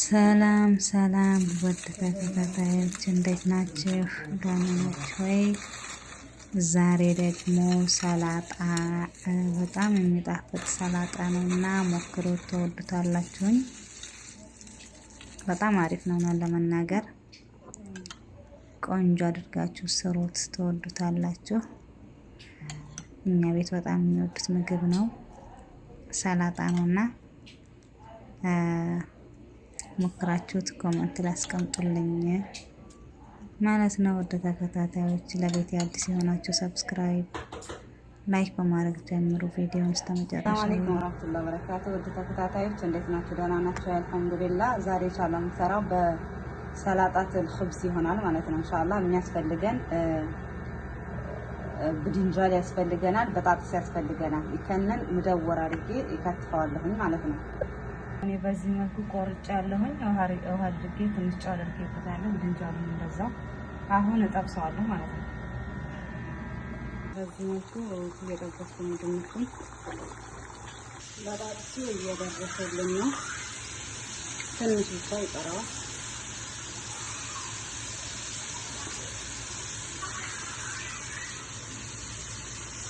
ሰላም ሰላም ውድ ተከታታዮች እንዴት ናችሁ? ደህና ናችሁ ወይ? ዛሬ ደግሞ ሰላጣ በጣም የሚጣፍጥ ሰላጣ ነው እና ሞክሩት፣ ተወዱታላችሁኝ። በጣም አሪፍ ነው ነው ለመናገር ቆንጆ አድርጋችሁ ስሩት፣ ተወዱታላችሁ። እኛ ቤት በጣም የሚወዱት ምግብ ነው ሰላጣ ነው እና ሞክራችሁት ኮመንት ላስቀምጡልኝ ማለት ነው። ወደ ተከታታዮች ለቤት አዲስ የሆናችሁ ሰብስክራይብ፣ ላይክ በማድረግ ጀምሩ። ቪዲዮውን እስከመጨረሻ ሰላም አለይኩም ወራህመቱላሂ ወበረካቱ። ወደ ተከታታዮች እንዴት ናችሁ? ደህና ናችሁ? አልሐምዱሊላህ። ዛሬ ኢንሻአላህ የምሰራው በሰላጣት ኹብዝ ይሆናል ማለት ነው። ኢንሻአላህ የሚያስፈልገን ብድንጃል ያስፈልገናል፣ በጣጥስ ያስፈልገናል። ይከንን ምደወር አድርጌ ይከትፈዋለሁኝ ማለት ነው። እኔ በዚህ መልኩ ቆርጬ ያለሁኝ ውሃ አድርጌ ትንሽ ጨው አድርጌበታለሁ። ብድንጃሉን እንደዛ አሁን እጠብሰዋለሁ ማለት ነው። በዚህ መልኩ እየጠበስኩ ድንቹን በባሱ እየደረሰልን ነው። ትንሽ ብቻ ይቀረዋል።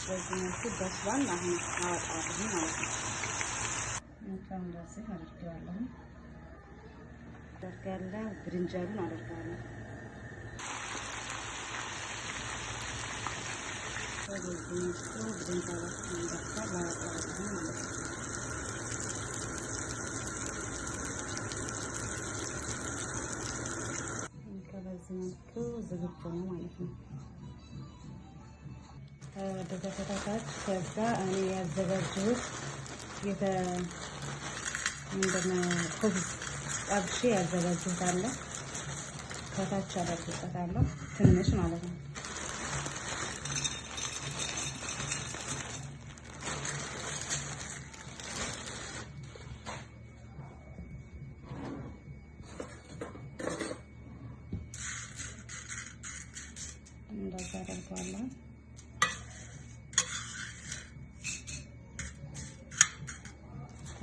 በዚህ መልኩ በስሏል። አሁን አወጣዋለሁ ማለት ነው። ሚጥን እንደዚህ አድርጌዋለሁ። አደርጋለሁ ብርንጃሉን አደርጋለሁ። ዝግጁ ነው ማለት ነው። በተከታታች ከዛ እኔ ያዘጋጀሁት እንደነ ኩብዝ ጠብሼ ያዘጋጀሁት አለ ከታች አደርግበታለሁ ትንሽ ማለት ነው።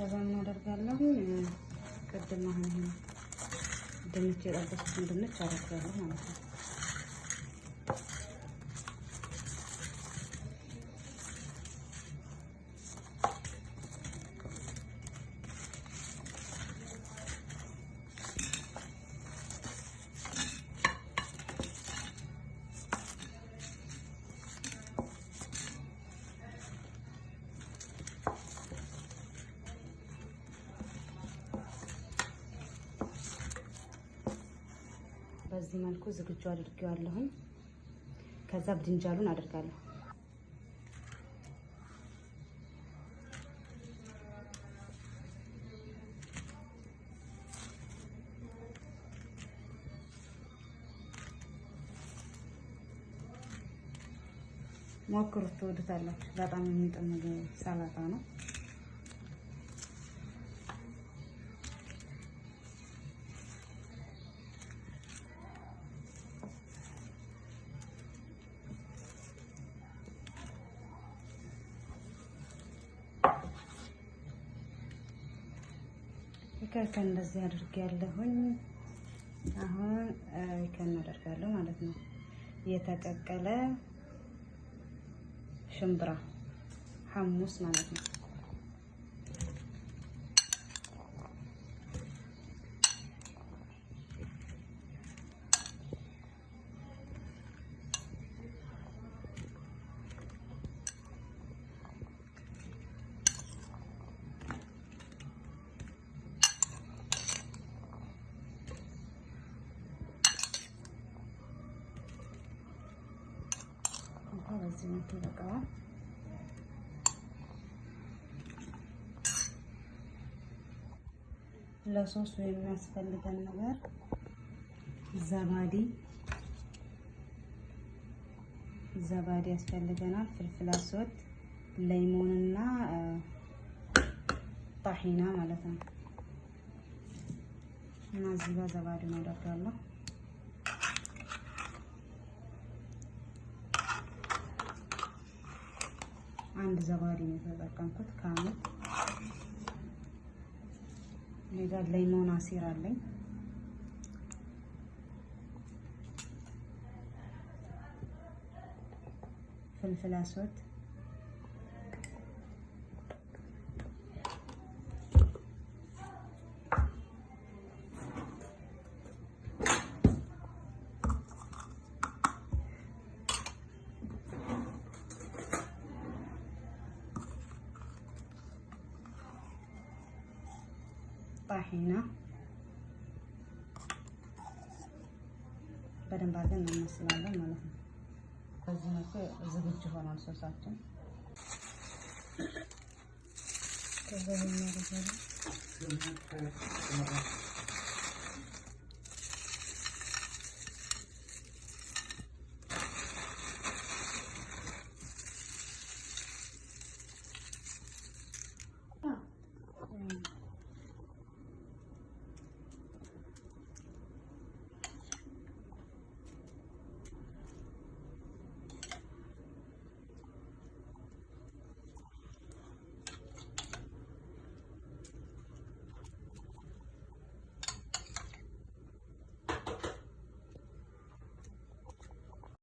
ከዛ እናደርጋለን ቅድም አሁን ድንች የጠበስኩትን ድንች አደርጋለሁ ማለት ነው። በዚህ መልኩ ዝግጁ አድርጌዋለሁኝ። ከዛ ብድንጃሉን አድርጋለሁ። ሞክሩት፣ ትወዱታላችሁ። በጣም የሚጥም ሰላጣ ነው። ከልከ እንደዚህ አድርግ አሁን ከን አደርጋለሁ ማለት ነው። የተቀቀለ ሽምብራ ሐሙስ ማለት ነው። በዚህ መልክ ይበቃዋል። ለሶስቱ የሚያስፈልገን ነገር ዘባዲ ዘባዲ ያስፈልገናል። ፍልፍል ሌሞን እና ጣሂና ማለት ነው እና እዚህ ጋር ዘባዲ ነው ደርጋለሁ ዘባሪ ነው የተጠቀምኩት። ከአመት ሌጋር ላይ መሆን አሴር አለኝ። ፍልፍል አስወት ሄና በደንብ አድርገን እናመስላለን ማለት ነው። በዚህ መልኩ ዝግጁ ሆኗል ሶሳችን። ከዛ